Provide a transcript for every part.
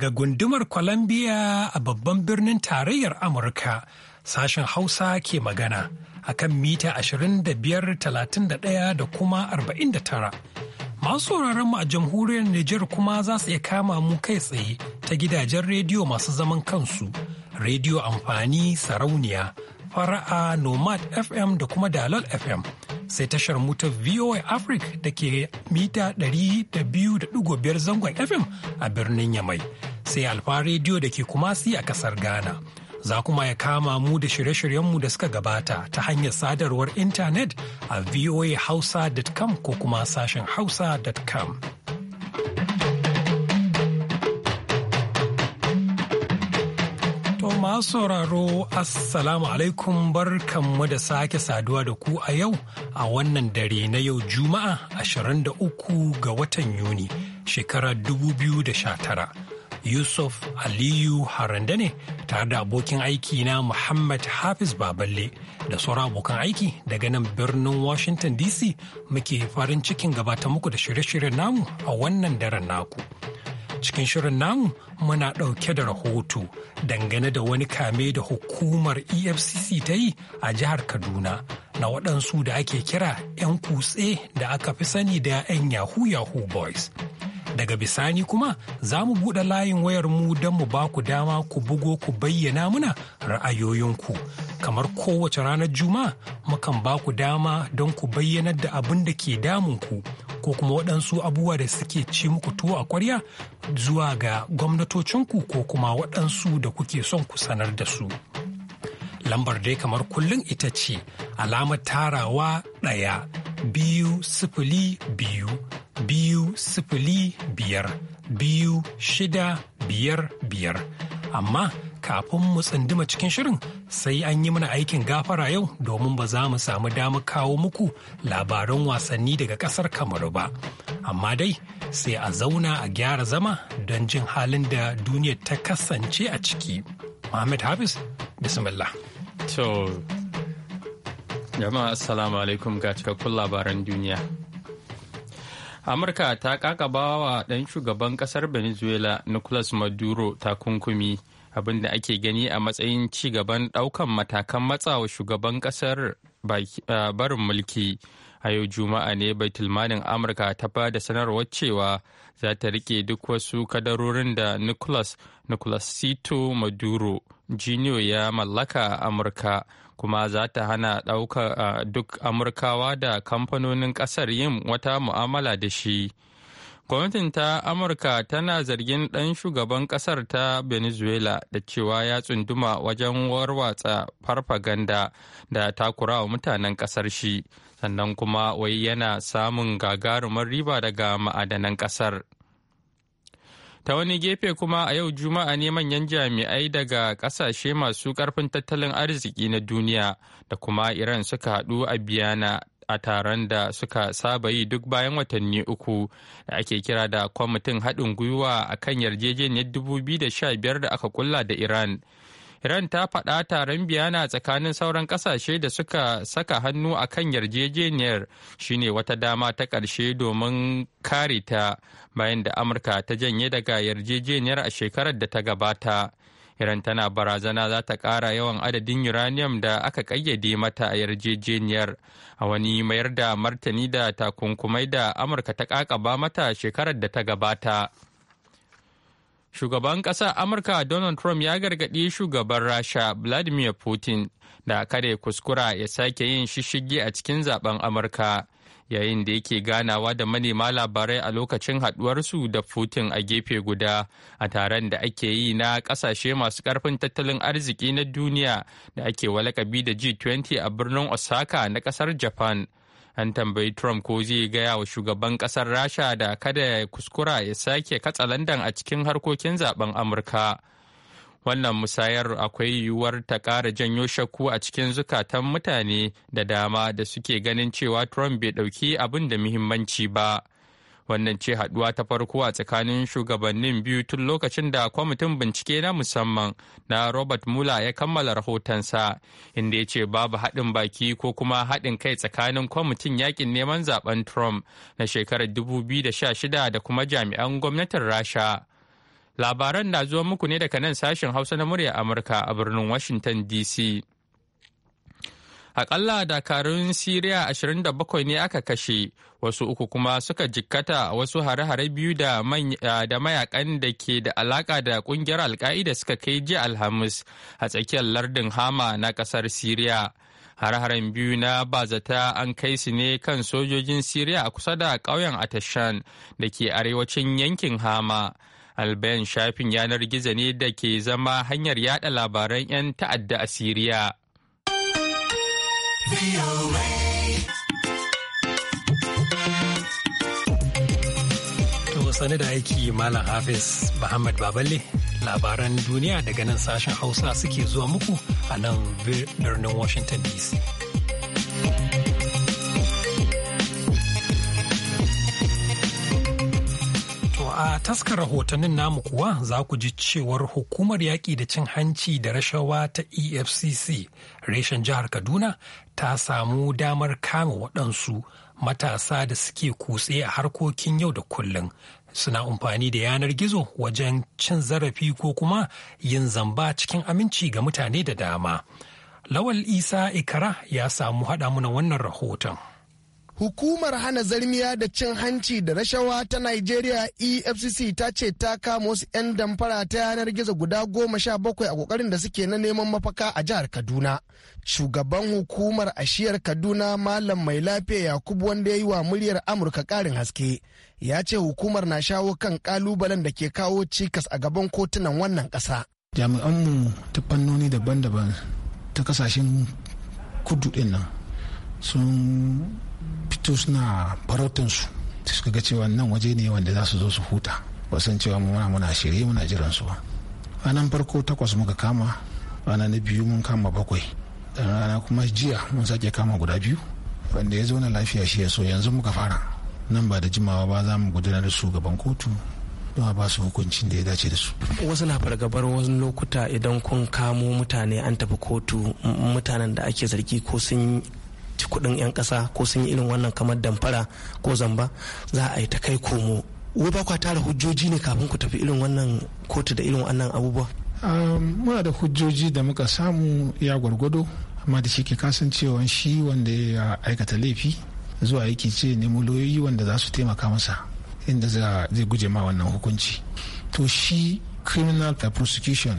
Daga gundumar Columbia a babban birnin tarayyar Amurka, sashen Hausa ke magana a kan mita 25,31 da kuma 49. Masu mu a jamhuriyar Nijar kuma za su iya kama mu kai tsaye ta gidajen rediyo masu zaman kansu, rediyo amfani sarauniya, fara'a nomad fm da kuma dalal fm sai tashar muta voa africa da ke mita 200.5 zangon fm a birnin yamai sai alfa rediyo da ke kumasi a kasar ghana za kuma ya kama mu da shirye-shiryenmu da suka gabata ta hanyar sadarwar intanet a voahausa.com ko kuma sashen hausa.com. sauraro Assalamu alaikum barkanmu da sake saduwa da ku a yau a wannan dare na yau Juma'a 23 ga watan Yuni shekarar 2019. Yusuf Aliyu Haranda ne tare da abokin aiki na Muhammad Hafiz Baballe da sauran abokan aiki daga nan birnin Washington DC muke farin cikin gabata muku da shirye-shiryen namu a wannan daren naku. cikin shirin nan muna ɗauke da rahoto dangane da wani kame da hukumar efcc ta yi a jihar kaduna na waɗansu da ake kira 'yan kutse da aka fi sani da 'yan yahoo yahoo boys Daga bisani kuma za mu buɗe layin wayar mu don mu ba ku dama ku bugo ku bayyana muna ra'ayoyinku. Kamar kowace ranar Juma'a mukan ba ku dama don ku bayyanar da abin da ke damunku ko kuma waɗansu abubuwa da suke ci muku tuwo a kwarya zuwa ga gwamnatocinku ko kuma waɗansu da kuke son ku sanar da su. Lambar dai kamar kullum ita ce alamar tarawa ɗaya biyu sifili biyu biyu sifili biyar biyu shida biyar biyar amma kafin mu tsunduma cikin shirin sai an yi mana aikin gafara yau domin ba za mu samu damar kawo muku labaran wasanni daga ƙasar kamaru ba amma dai sai a zauna a gyara zama don jin halin da duniya ta kasance a ciki Muhammad hafiz bismillah to jama'a assalamu alaikum ga cikakkun labaran duniya amurka ta kakaba wa ɗan shugaban ƙasar venezuela nicolas maduro takunkumi abin da ake gani a matsayin ci gaban ɗaukan matakan matsawa shugaban ƙasar barin mulki a yau juma'a ne bai baitulmanin amurka ta ba da sanarwar cewa za ta rike duk wasu kadarorin da nicolas nicolasito maduro jr ya mallaka amurka kuma za ta hana ɗaukar duk amurkawa da kamfanonin ƙasar yin wata mu'amala da shi gwamnatin ta amurka tana zargin ɗan shugaban ƙasar ta venezuela da cewa ya tsunduma wajen warwatsa farfaganda da wa mutanen ƙasar shi sannan kuma wai yana samun gagarumar riba daga ma'adanan ƙasar. ta wani gefe kuma a yau juma'a ne manyan jami'ai daga kasashe masu karfin tattalin arziki na duniya da kuma iran suka haɗu a biyana a taron da suka saba yi duk bayan watanni uku da ake kira da kwamitin haɗin gwiwa a kan yarjejeniyar 2015 da aka kulla da iran Iran ta faɗa taron biyana tsakanin sauran ƙasashe da suka saka hannu a kan yarjejeniyar shine wata dama ta ƙarshe domin kare ta bayan da Amurka ta janye daga yarjejeniyar a shekarar da ta gabata. Iran tana barazana za ta ƙara yawan adadin uranium da aka ƙayyade mata a yarjejeniyar a wani mayar da martani da takunkumai da Amurka ta ƙaƙaba mata shekarar da ta gabata. shugaban ƙasar amurka donald trump ya gargaɗi shugaban rasha vladimir putin da ya kuskura ya sake yin shishigi a cikin zaben amurka yayin da yake ganawa da manema labarai a lokacin haɗuwarsu da putin a gefe guda a taron da ake yi na ƙasashe masu ƙarfin tattalin arziki na duniya da ake walakabi da g20 a birnin osaka na ƙasar japan an tambayi trump ko zai gaya wa shugaban kasar rasha da kada ya kuskura ya sake katsa katsalandan a cikin harkokin zaben amurka wannan musayar akwai yiwuwar ta ƙara janyo shakku a cikin zukatan mutane da dama da suke ganin cewa trump bai ɗauki abin da muhimmanci ba wannan ce haduwa ta farko a tsakanin shugabannin biyu tun lokacin da kwamitin bincike na musamman na robert mueller ya kammala rahotonsa inda ya ce babu haɗin baki ko kuma haɗin kai tsakanin kwamitin yakin neman zaben trump na shekarar 2016 da kuma jami'an gwamnatin rasha labaran na zuwa muku ne daga nan sashen hausa na murya amurka a birnin washington dc Akalla dakarun Siriya 27 ne aka kashe, wasu uku kuma suka jikkata wasu hare-hare biyu da mayakan da ke da alaka da kungiyar alka'ida suka kai jiya Alhamis a tsakiyar lardin Hama na kasar Siriya. Hare-haren biyu na bazata an kai su ne kan sojojin Siriya a kusa da ƙauyen Atashan da ke arewacin yankin Hama. Albayan shafin yanar gizo ne da ke zama hanyar yada labaran 'yan ta'adda a Siriya. sani da aiki Malam Hafiz Muhammad Baballe labaran duniya daga nan sashen Hausa suke zuwa muku a nan birnin Washington DC. a taskar rahotannin namu kuwa za ku ji cewar hukumar yaƙi da cin hanci da rashawa ta efcc reshen jihar kaduna ta samu damar kama waɗansu matasa da suke kutse a harkokin yau da kullum suna amfani da yanar gizo wajen cin zarafi ko kuma yin zamba cikin aminci ga mutane da dama lawal isa ikara ya samu haɗa muna wannan rahoton Hukumar hana zarmiya da cin hanci da rashawa ta Nigeria EFCC ta ce ta kama wasu 'yan damfara ta yanar gizo guda goma sha bakwai a kokarin da suke na neman mafaka a jihar Kaduna. Shugaban hukumar ashiyar Kaduna Malam Mai Lafiya Yakubu wanda ya yi wa muryar Amurka karin haske. Ya ce hukumar na shawo kan ƙalubalen da ke kawo cikas a gaban kotunan wannan ƙasa. Jami'anmu ta fannoni daban-daban ta kasashen kudu ɗin sun fito suna farautinsu su suka ga cewa nan waje ne wanda za su zo su huta wasan cewa muna muna shirye muna jiran su ba ranar farko takwas muka kama rana na biyu mun kama bakwai rana kuma jiya mun sake kama guda biyu wanda ya zauna lafiya shi ya so yanzu muka fara nan ba da jimawa ba za mu gudanar da su gaban kotu don a ba su hukuncin da ya dace da su wasu na fargabar wasu lokuta idan kun kamo mutane an tafi kotu mutanen da ake zargi ko sun ci kuɗin 'yan ƙasa ko sun yi irin wannan kamar damfara ko zamba za a yi ta kai komo wai ba kwa tara hujjoji ne kafin ku tafi irin wannan kotu da irin wannan abubuwa muna da hujjoji da muka samu ya gwargwado amma da shi ke kasancewa shi wanda ya aikata laifi zuwa yake ce nemo lauyoyi wanda za su taimaka masa inda zai guje ma wannan hukunci to shi criminal prosecution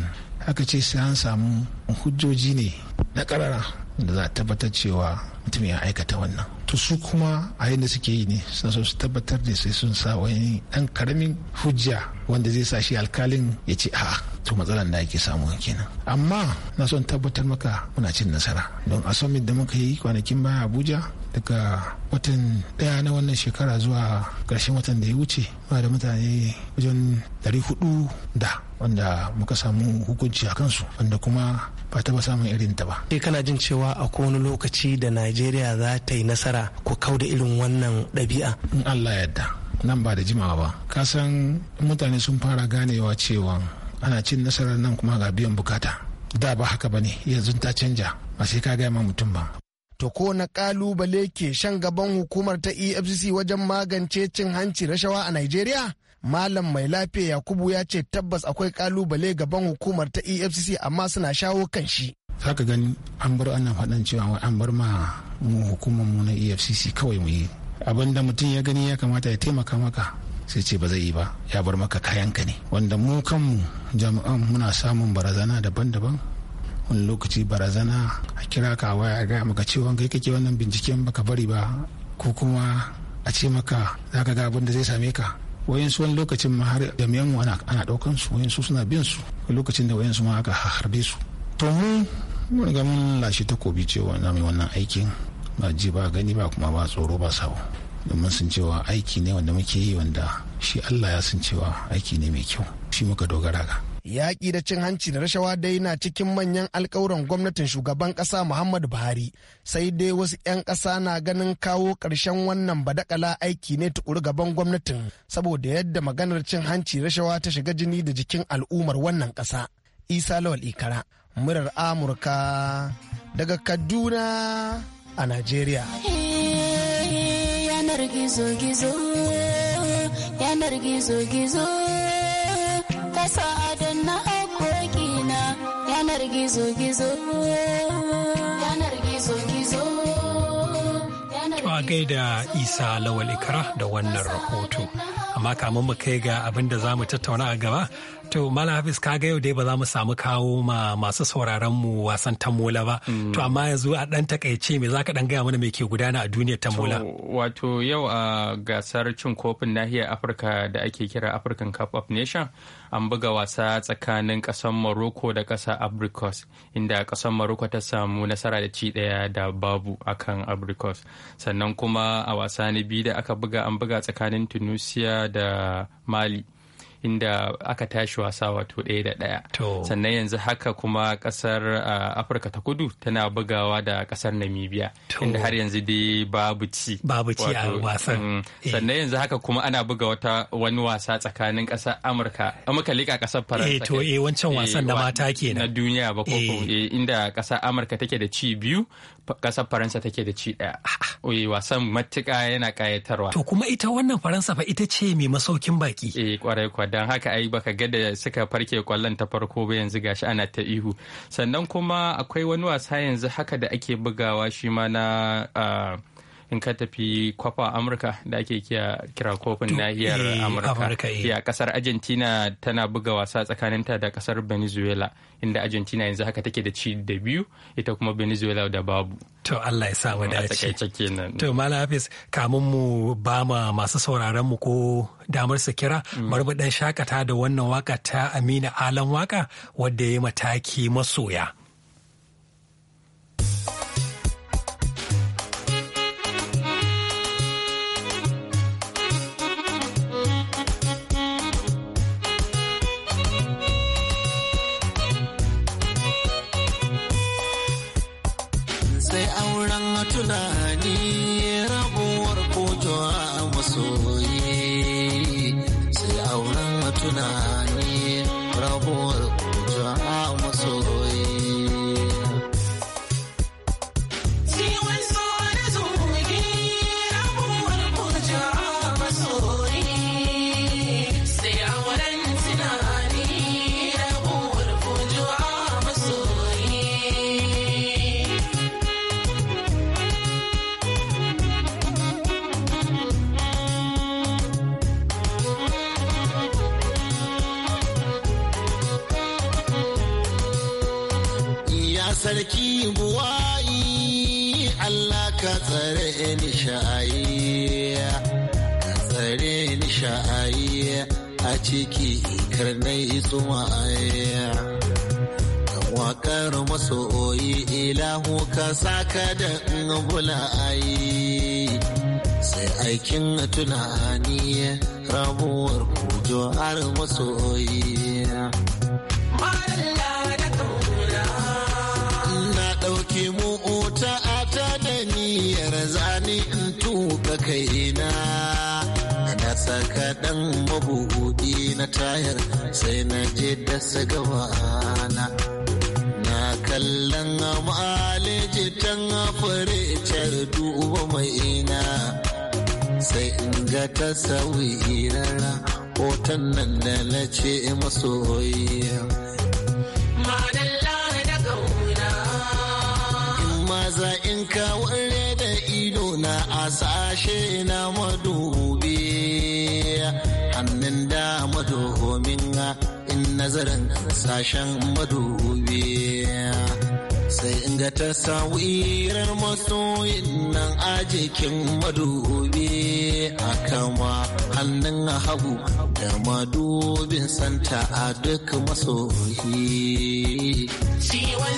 aka ce sai an samu hujjoji ne na karara da za a tabbatar cewa mutum ya aikata wannan to su kuma a yadda suke yi ne suna so su tabbatar da sai sun sa wani dan karamin hujja wanda zai sa shi alkalin ya ce a'a to matsalar da ake samu kenan amma na son tabbatar maka muna cin nasara don a summit da muka yi kwanakin baya abuja daga watan daya na wannan shekara zuwa karshen watan da ya wuce ba da mutane wajen 400 da wanda muka samu hukunci a kansu wanda kuma ba ta ba samun irin ta ba. Sai eh, kana jin cewa a wani lokaci da Najeriya za ta yi nasara ku kau da irin wannan ɗabi'a. In Allah yadda nan ba da jimawa ba. Kasan mutane sun fara ganewa cewa ana cin nasarar nan kuma ga biyan bukata. Da ba haka ba ne yanzu ta canja ba sai ka gaya ma mutum ba. to ko na kalubale ke shan gaban hukumar ta efcc wajen magance cin hanci rashawa a Najeriya? malam mai lafiya yakubu ya ce tabbas akwai kalubale gaban hukumar ta efcc amma suna shawo kan shi zaka gani an bar ana faɗan cewa an bar ma mu hukumar mu na efcc kawai mu yi abin da mutum ya gani ya kamata ya taimaka maka sai ce ba zai yi ba ya bar maka kayanka ne wanda mu kanmu jami'an muna samun barazana daban-daban wani lokaci barazana a kira ka waya a gaya maka cewa kai kake wannan binciken baka bari ba ko kuma a ce maka zaka ga abin da zai same ka wayansu wani lokacin ma har jami'an wani ana daukan su wayansu suna bin su lokacin da wayansu ma aka harbe su to mu mun ga mun lashe takobi cewa na mai wannan aikin ba ji ba gani ba kuma ba tsoro ba sabo domin sun cewa aiki ne wanda muke yi wanda shi Allah ya sun cewa aiki ne mai kyau shi muka dogara ga Yaƙi da cin hanci da rashawa dai na cikin manyan alkawuran gwamnatin shugaban ƙasa Muhammadu Buhari, sai dai wasu 'yan ƙasa na ganin kawo ƙarshen wannan badakala aiki ne tukuru gaban gwamnatin saboda yadda maganar cin hanci rashawa ta shiga jini da jikin al'ummar wannan ƙasa. Isa Lawal Ikara, murar Amurka daga Kaduna a Najeriya. Yanar gizo-gizo, yanar gizo gizo yanar gizo gizo gaida isa lawal ikra da wannan rahoto amma kamun mu kai ga abin da za mu tattauna a gaba to mala hafiz ka ga yau dai ba za mu samu kawo ma masu sauraron mu wasan tamola ba mm. to amma yanzu a dan takaice me zaka dan gaya mana me ke gudana a duniyar tamola wato yau a gasar cin kofin nahiyar afirka da ake kira african cup of nation an buga wasa tsakanin kasar morocco da kasar abricos inda kasar morocco ta samu nasara da ci daya da babu akan abricos sannan kuma a wasa na biyu da aka buga an buga tsakanin tunisia da Mali. inda aka tashi wasa wato ɗaya da ɗaya. Sannan yanzu haka kuma ƙasar Afirka ta kudu tana bugawa da ƙasar Namibia. Inda har yanzu dai babu ci. Babu ci a wasan. Mm, eh. Sannan yanzu haka kuma ana buga wata wani wasa tsakanin ƙasar Amurka. Amurka liƙa ƙasar Faransa. Eh, to eh wancan wasan da eh, mata kenan. Na duniya ba ko inda ƙasar Amurka take da ci biyu kasar faransa take da ci daya wasan matuka yana kayatarwa to kuma ita wannan faransa fa ita ce mai masaukin baki eh kwarai kwa dan haka ai baka ga da suka farke kwallon ta farko ba yanzu gashi ana ta ihu sannan kuma akwai wani wasa yanzu haka da ake bugawa shi ma na ah, in ka tafi kwafa amurka da ake kira kofin nahiyar eh, amurka eh. ya kasar argentina tana buga wasa tsakaninta da kasar venezuela inda argentina yanzu haka take da ci da biyu ita kuma venezuela da babu to allah ya sa wadace to mala hafiz kamun mu ba ma masu sauraren mu ko damar su kira mm. bari mu dan shakata da wannan waka ta amina halan waka wadda ya mataki masoya sai auren tunani a ciki karnai itsuma ayya wakar masoyi ilahu ka saka da bulayi sai aikin tunani rabuwar kujo har masoyi na ɗauki muuta ata da niyyar zani in tuka kaina saka ɗan mabuɗi na tayar sai na je da sagawa na kallon ma'aleji tan fure car duba mai ina sai in ga ta sauyi irara hoton nan da na ce masoyiya maza in kawo da ido na a sashe na madu. Hannun da madohomin in nazarin sashen madubi sai in ga ta sawirar masoyin nan a jikin madubi a kama hannun hagu da madubin santa a duk masoyi. Ciwon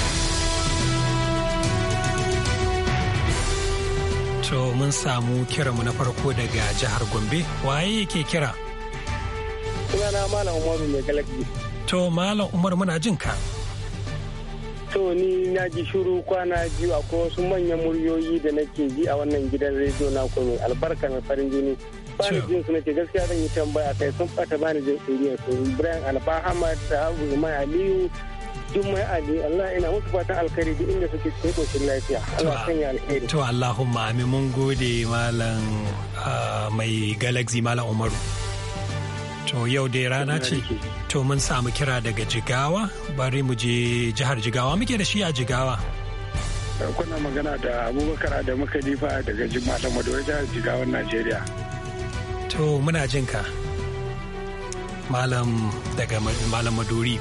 so mun samu kiranmu na farko daga jihar gombe waye yake kira sunana malam umaru mai galaki. to malam umar muna jin ka to ni na ji shuru kwana biyu akwai wasu manyan muryoyi da nake ji a wannan gidan rediyo na kuma albarka mai farin jini bani jin su nake gaskiya zan yi tambaya kai sun bata bani jin su su ibrahim alfa hamad da abu aliyu Jummai Ali Allah ina musu fata alkhairi duk inda suke cikin koshin lafiya. Allah alkhairi. To Allahumma amin mun gode malam ah, mai Galaxy malam Umaru. To yau dai rana ce. To mun samu kira daga Jigawa bari mu je jihar Jigawa muke da shi a Jigawa. Kuna magana da Abubakar muka Khalifa daga Jimala Madoya jihar Jigawan Najeriya. To muna jinka. Malam daga Malam Maduri.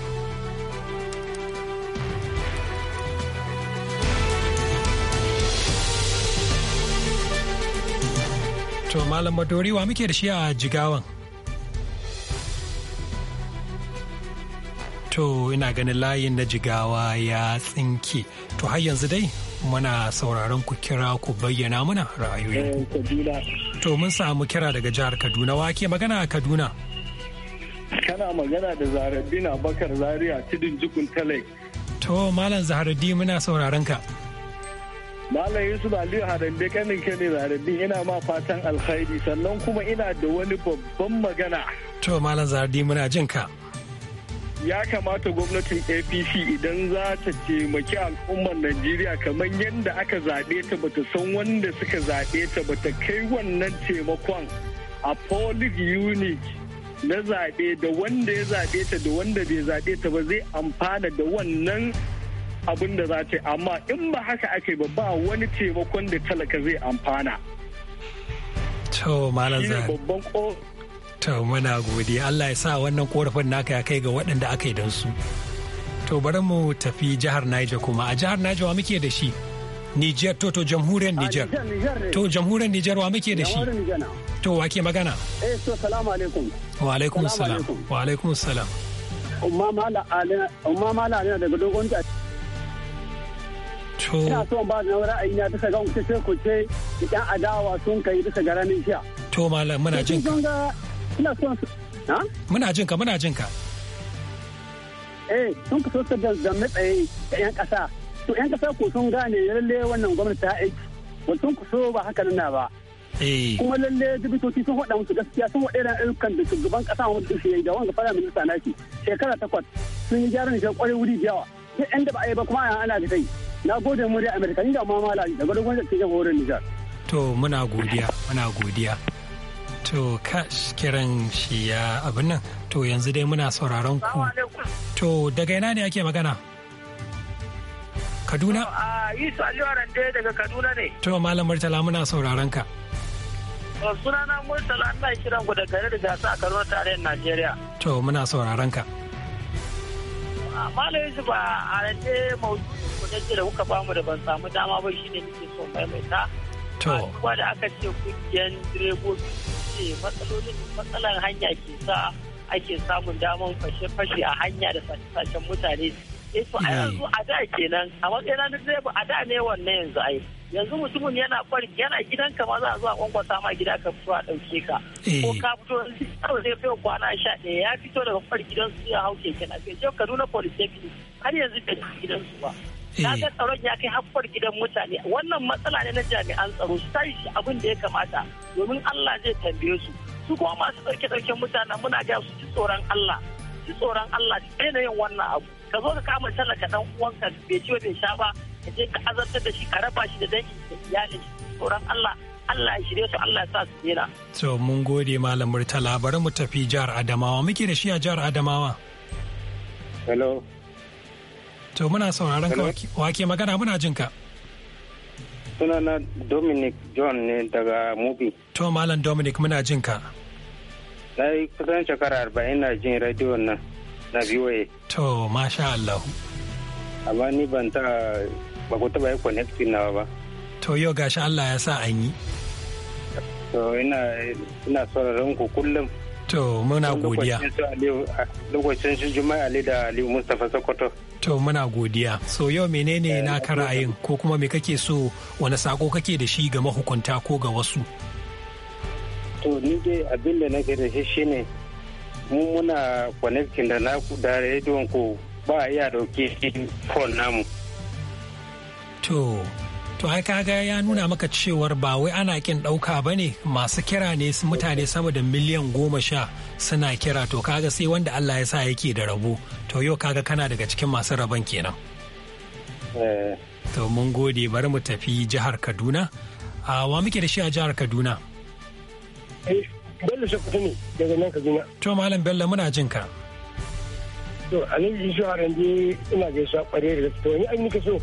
To Malam Madori wa muke da shi a jigawan? To ina ganin layin na jigawa ya tsinke. To har yanzu dai muna sauraron ku kira ku bayyana muna ra'ayoyin. Eh, to mun samu kira daga jihar Kaduna Wa ke magana a Kaduna. Kana magana da Zaharaddin Abakar Zaria Tidin Jukun Talek. To Malam Zaharaddin muna sauraron ka. Malam Yusuf Aliyu Harambe kanin ka ne Harambe ina ma fatan alkhairi sannan kuma ina da wani babban magana. To Malam Zardi muna jin ka. Ya kamata gwamnatin APC idan za ta taimaki al'ummar Najeriya kamar yadda aka zaɓe ta bata san wanda suka zaɓe ta bata kai wannan taimakon a Polis Unit na zaɓe da wanda ya zaɓe ta da wanda bai zaɓe ta ba zai amfana da wannan abin da za ta amma in ba haka ake ba ba wani taimakon da talaka zai amfana. To malam babban To muna gode Allah ya sa wannan korafin naka ya kai ga waɗanda aka yi don su. To bari mu tafi jihar Niger kuma a jihar Niger wa muke da shi. Niger to to jamhuriyar Niger. To jamhuriyar Niger wa muke da shi. To wa ke magana? Eh to salamu alaikum. Wa alaikum salam. Wa alaikum salam. Umma mala ala daga dogon ta. ina son ba na bisa ga kuce kuce idan adawa sun kai bisa ga jiya to malam muna jin ka muna jin ka muna jin ka eh ba sun eh. kuma lalle dubitoci sun faɗa musu gaskiya sun faɗa ayyukan da shugaban ƙasa wanda da wanga fara minista na shekara takwas sun yi gyaran shi kwarai wuri da yawa sai yan da ba a yi ba kuma ana da kai na gode mu da amerika ni da ma malami da gwadon gwamnati ke horon nijar to muna godiya muna godiya to kash kiran shi ya abin nan to yanzu dai muna sauraron ku to daga ina ne ake magana kaduna a ah, yusuf aliyu arande daga kaduna ne to malam murtala muna sauraron ka sunana murtala ina kiran ku da garin gasa a kaduna tarayyar najeriya to muna sauraron ka malam ba a rance maudu da ce da kuka bamu da ban samu dama ba shi ne nake so maimaita to da aka ce kungiyan direbobi ce matsalolin matsalar hanya ke sa ake samun daman fashe-fashe a hanya da sace-sacen mutane. Eto eh, a yanzu a da kenan a matsayin na direba a da ne wannan yanzu ai. yanzu mutumin yana kwari yana gidan ka ma za a zuwa kwankwasa ma gida ka fito a ɗauke ka eh. ko ka fito yaro zai fiye kwana sha ɗaya ya fito daga kwari gidan su ya hau keke na kai ka nuna polytechnic har yanzu bai gidan su ba eh. na ga tsaron ya kai haffar gidan mutane wannan matsala ne na jami'an tsaro su yi abin da ya kamata domin Allah zai tambaye su su kuma masu ɗauke ɗauke mutane muna ga su ji tsoron Allah ji tsoron Allah su daina yin wannan abu ka zo ka kama talaka ɗan uwanka bai ci bai sha ba ka je ka azabtar da shi ka raba shi da dangin da iyalin tsoron Allah Allah ya shirye su Allah ya sa su jira. To mun gode Malam Murtala bari mu tafi jihar Adamawa muke da shi a jihar Adamawa. Hello. To muna sauraron ka wake magana muna jin ka. Sunana Dominic John ne daga Mubi. To Malam Dominic muna jin ka. Na yi kusan shekara arba'in na jin radio na biyoye. To masha Allah. Amma ni ban ta ba ku taɓa yi connecting nawa ba to yau gashi Allah ya sa an yi to ina ina sauraron ku kullum to muna godiya lokacin shi Juma'a Ali da Aliyu Mustapha Sokoto to muna godiya so yau menene eh, na ra'ayin ko kuma me kake so wani sako kake da shi ga mahukunta ko ga wasu to ni dai abin da nake da shi shine mu muna connecting da naku da rediyon ku ba iya dauke phone namu to to ai kaga ya nuna maka cewar ba wai ana kin ɗauka ba ne masu kira ne mutane sama da miliyan goma sha suna kira to kaga sai wanda Allah ya sa yake da rabo to yau kaga kana daga cikin masu rabon kenan eh. to mun gode bari mu tafi jihar Kaduna a wa muke da shi a jihar Kaduna eh, Bello Sokoto ne daga nan Kaduna to malam Bello muna jin ka to Alhaji Yusuf Arande ina gaisuwa kwarai da gaske wani an yi so.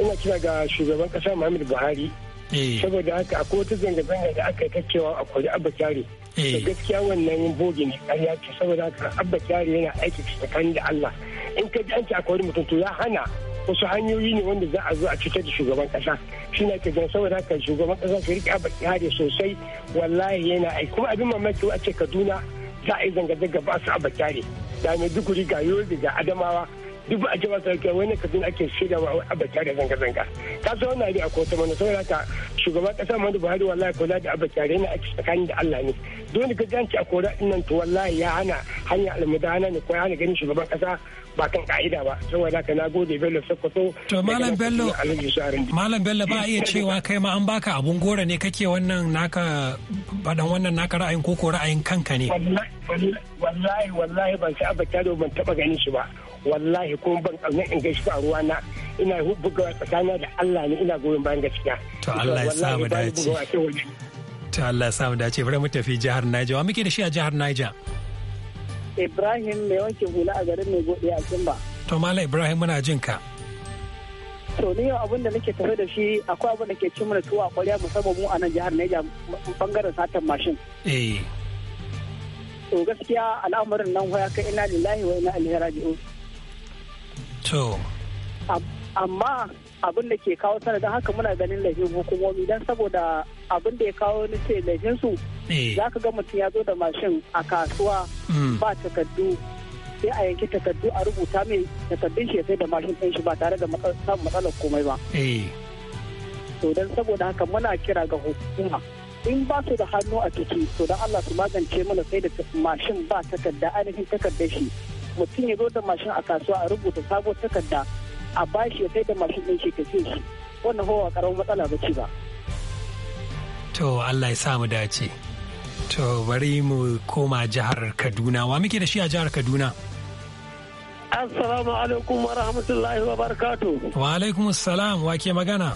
ina kira ga shugaban kasa Muhammadu Buhari eh. saboda haka akwai wata zanga-zanga da aka yi ta cewa a kori abba kyari da eh. gaskiya wannan bogi ne karya ce saboda haka abba kyari yana aiki tsakanin da Allah in ka ji an ce a kori mutum to ya hana wasu hanyoyi ne wanda za a zo a cutar da shugaban kasa shi na ke gani saboda haka shugaban kasa su rike abba kyari sosai wallahi yana aiki kuma abin mamaki a ce Kaduna za a yi zanga-zanga ba su abba kyari da ne duk ga yobe ga Adamawa duk ba a ce ba sarki wani kafin ake shirya wa abacha da zanga-zanga ka san na abin akwai wata mana saboda ta shugaban kasa muhammadu buhari wallahi kula da abacha yana ake tsakanin da allah ne dole ka janci a kora nan to wallahi ya hana hanya almudana ne ko ya hana ganin shugaban kasa ba kan ka'ida ba saboda haka na gode bello sokoto to malam bello malam bello ba iya cewa kai ma an baka abun gora ne kake wannan naka badan wannan naka ra'ayin ko ra'ayin kanka ne wallahi wallahi ban sai abacha ban taba ganin shi ba wallahi kuma ban kauna in gaishe a ruwa na ina buga tsakanin da Allah ne ina goyon bayan gaskiya to Allah ya sa mu dace to Allah ya sa mu dace bari mu tafi jihar Niger wa muke da shi a jihar Niger Ibrahim mai wanke hula a garin mai gode a Kimba to Malam Ibrahim muna jin ka to ni yau abin da nake tafe da shi akwai abin da ke cin mana tuwa kwarya musamman mu a nan jihar Niger bangaren satan mashin eh to gaskiya al'amarin nan ya kai ina lillahi wa ina ilaihi raji'un To. Amma abin da ke kawo sanadin haka muna ganin laifin hukumomi don saboda abin da ya kawo ni laifin su eh. za ka ga mutum ya zo da mashin a kasuwa hmm. ba takardu sai a yanki takardu a rubuta mai takardun shi sai da mashin ɗin shi ba tare da samun matsalar komai ba. Eh. To don saboda haka muna kira ga hukuma in ba su da hannu a ciki to don Allah su magance mana sai da mashin ba takarda ainihin takardar shi mutum ya zo da mashin a kasuwa a rubuta sabon takarda a bashi ya kai da mashin ɗin shi ce shi wannan hawa karamin matsala ba ce ba. To Allah ya sa mu dace. To bari mu koma jihar Kaduna wa muke da shi a jihar Kaduna. Assalamu alaikum wa rahmatullahi wa barakatu. Wa alaikum salam wa ke magana.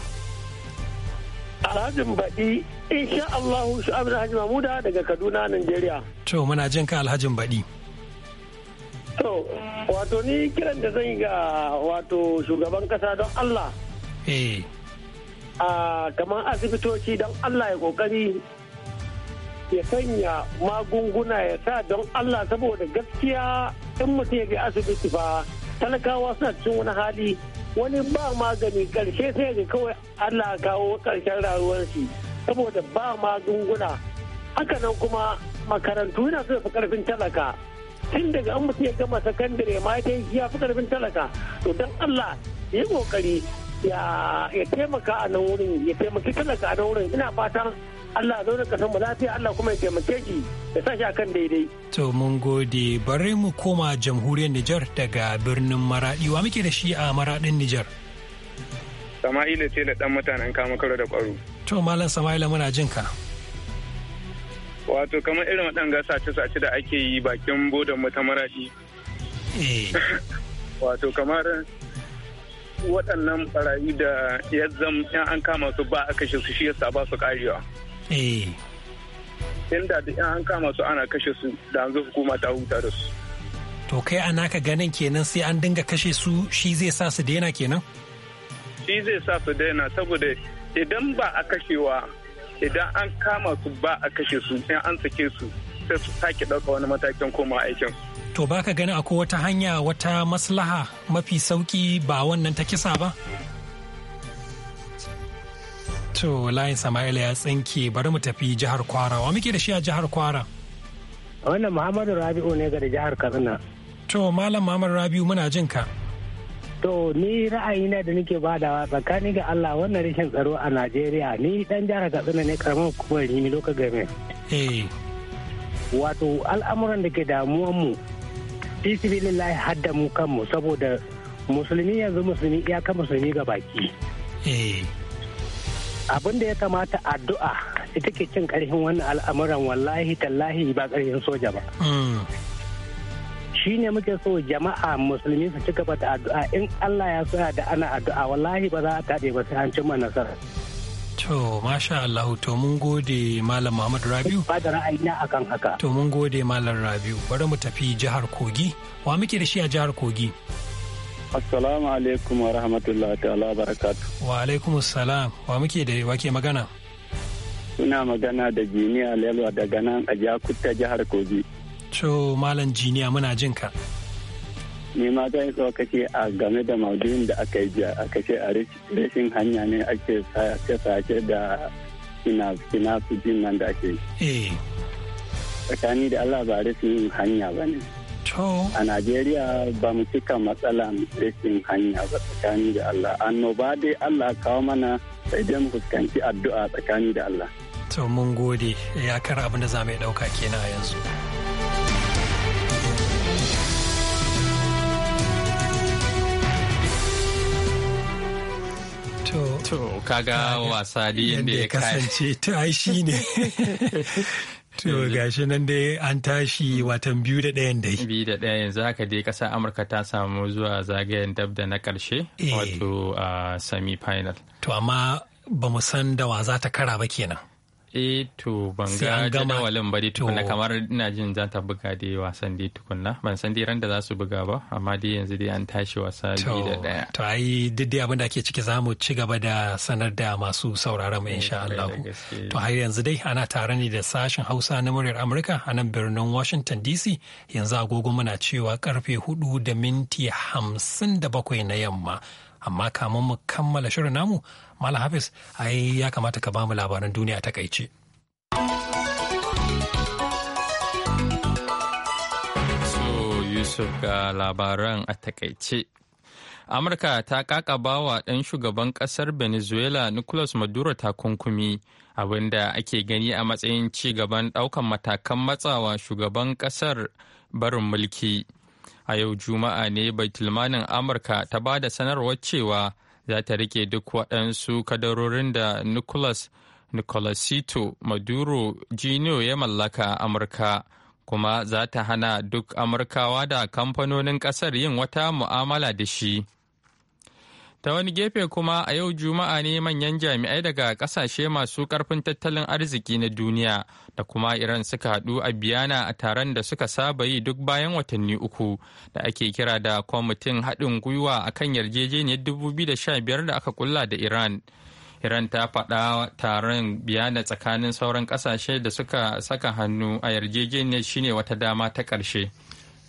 Alhajin baɗi insha Allah Shu'abu Alhaji Mahmuda daga Kaduna, Najeriya. To muna jin ka Alhajin baɗi. To, wato ni kiran da zan yi ga wato shugaban kasa don Allah. Eh. kamar asibitoci don Allah ya kokari ya sanya magunguna ya sa don Allah saboda gaskiya in mutum ya je asibiti fa talakawa suna cikin wani hali wani ba magani karshe sai ga kawai Allah kawo karshen rayuwar shi saboda ba magunguna hakanan kuma makarantu yana fi karfin talaka tun daga an mutum ya gama sakandare ma dai ya fi karfin talaka to don allah ya kokari ya taimaka a nan wurin ya taimaki talaka a nan wurin ina fatan Allah zo da kasan mu lafiya Allah kuma ya taimake shi ya sa shi akan daidai. To mun gode bari mu koma jamhuriyar Nijar daga birnin Maradi wa muke da shi a Maradin Nijar. Sama'ila ce da dan mutanen kama karo da kwaro. To Malam Sama'ila muna jin ka. wato kamar irin waɗanga sace-sace da ake yi bakin bodon mu ta maraɗi eh. wato kamar waɗannan ɓarayi da yazzam yan an kama su ba a kashe su shi yasa ba su karewa eh. inda da yan an kama su ana kashe su da zo hukuma ta huta da su to kai ana ka ganin kenan sai an dinga kashe su shi zai sa su daina kenan shi zai sa su daina saboda idan ba a kashewa idan an kama su ba a kashe su in an sake su sai su sake ɗauka wani matakin koma aikin to ba ka gani akwai wata hanya wata maslaha mafi sauki ba wannan ta kisa ba to layin sama'ila ya tsinke bari mu tafi jihar kwara wa muke da shi a jihar kwara wannan muhammadu rabi'u ne ga jihar katsina to malam muhammadu rabi'u muna jin ka To ni ra'ayina da nake badawa tsakani ga Allah wannan rashin tsaro a Najeriya ni dan jihar Katsina ne karamar hukumar Rimi loka game. Eh. Wato al'amuran da ke damuwan mu fisibilillahi hadda mu kanmu saboda musulmi yanzu musulmi ya ka musulmi ga baki. Eh. Abin da ya kamata addu'a ita ke cin karfin wannan al'amuran wallahi tallahi ba karfin soja ba. Mm. shine muke so jama'a musulmi su ci gaba da addu'a in Allah ya sa da ana addu'a wallahi ba za a taɗe ba sai an cimma nasara. To, masha Allah, to mun gode Malam Muhammad Rabiu. Ba da ra'ayina akan haka. To mun gode Malam Rabiu, bari mu tafi jihar Kogi. Wa muke da shi a jihar Kogi? Assalamu alaikum wa rahmatullahi ta'ala barakatu. Wa alaikum salam. Wa muke da ke magana? Suna magana da Jiniya Lelwa daga nan a Jakuta jihar Kogi. To Malam Jiniya muna jin ka. Ni ma zan ka ce a game da maudu'in da aka yi jiya aka ce a rashin hanya ne ake sace da kina su jin nan da ake yi. Eh. Tsakani da Allah ba rashin hanya ba ne. A Najeriya ba mu cika matsala rashin hanya ba tsakani da Allah. Annoba dai Allah kawo mana sai dai mu fuskanci addu'a tsakani da Allah. To mun gode ya kar abin da za mu ɗauka kenan a yanzu. to kaga wasa ne yadda ya kasance ta shi ne to gashi nan dai an tashi watan biyu da ɗayan dai biyu da ɗayan yanzu haka dai ƙasar amurka ta samu zuwa zagayen dab da na ƙarshe eh. wato semi final to amma ba san da wa za ta kara ba kenan e to ban ga jadawalin ba dai tukunna kamar ina jin za ta buga dai wasan dai tukunna ban san dai ran da za su buga ba amma dai yanzu dai an tashi wasa biyu da daya to ai duk dai abin da ake ciki za mu ci gaba da sanar da masu sauraron mu eh, insha Allah to har yanzu dai ana tare ne da sashen Hausa na muryar Amurka a nan birnin Washington DC yanzu agogo muna cewa karfe hudu da minti hamsin da bakwai na yamma amma kamun mu kammala shirin namu Mala Hafiz, ai ya kamata ka bamu labaran duniya ta kaice. So Yusuf ga labaran a takaice. Amurka ta kakaba wa ɗan shugaban ƙasar Venezuela Nicolas Maduro takunkumi abinda ake gani a matsayin ci gaban ɗaukan matakan matsawa shugaban ƙasar barin mulki. A yau Juma'a ne tilmanin Amurka ta ba da sanarwar cewa za ta rike duk waɗansu kadarorin da nicholas nicolasito maduro jr ya mallaka amurka kuma za ta hana duk amurkawa da kamfanonin ƙasar yin wata mu'amala da shi Ta wani gefe kuma a yau Juma'a ne manyan jami'ai daga kasashe masu karfin tattalin arziki na duniya da kuma Iran suka haɗu a Biyana a taron da suka saba yi duk bayan watanni uku da ake kira da kwamitin haɗin gwiwa a kan yarjejeniyar 2015 da aka kulla da Iran. Iran ta faɗa taron Biyana tsakanin sauran kasashe da suka saka hannu a yarjejeniyar shine wata dama ta ƙarshe.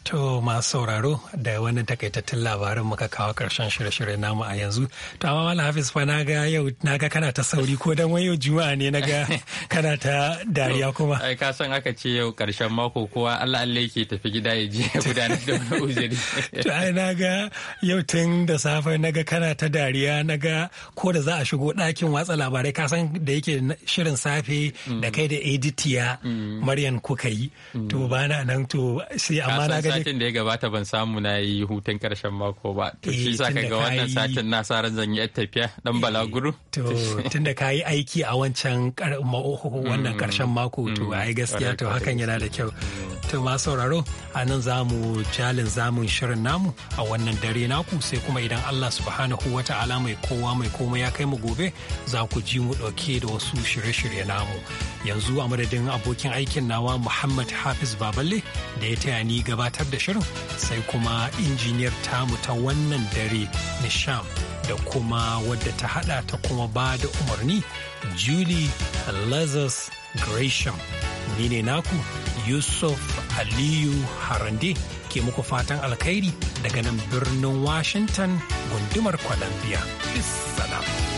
To masu sauraro da wannan takaitattun labarin muka kawo karshen shirye-shirye namu a yanzu. To amma Malam Hafiz fa na ga yau na ga kana ta sauri ko dan yau Juma'a ne na ga kana ta dariya kuma. Ai ka san aka ce yau karshen mako kowa Allah Allah yake tafi gida ya je gudanar da wani uzuri. To ai na ga yau tun da safe na ga kana ta dariya na ga ko da za a shigo ɗakin watsa labarai ka san da yake shirin safe da mm. kai da editiya mm. Maryam kuka yi. Mm. To ba na nan to sai amma na ga satin da ya gabata ban samu na yi hutun karshen mako ba to eh, shi sa ga wannan satin na sa ran zan yi tafiya dan eh, balaguru to tunda ka yi aiki a wancan wannan mm. karshen mako to mm. ai gaskiya to hakan yana da kyau to masu sauraro a nan za mu jalin zamun shirin namu a wannan dare naku sai kuma idan Allah subhanahu wa ta'ala mai kowa mai komai ya kai mu gobe za ku ji mu ɗauke da wasu shirye-shirye namu yanzu a madadin abokin aikin nawa Muhammad Hafiz Baballe da ya taya ni gabatar da shirin sai kuma injiniyar tamu ta wannan dare Nisham da kuma wadda ta hada ta kuma ba da umarni Julie Lazarus Gresham. ni ne naku yusuf aliyu harande ke muku fatan alkhairi daga nan birnin washington gundumar columbia. Peace,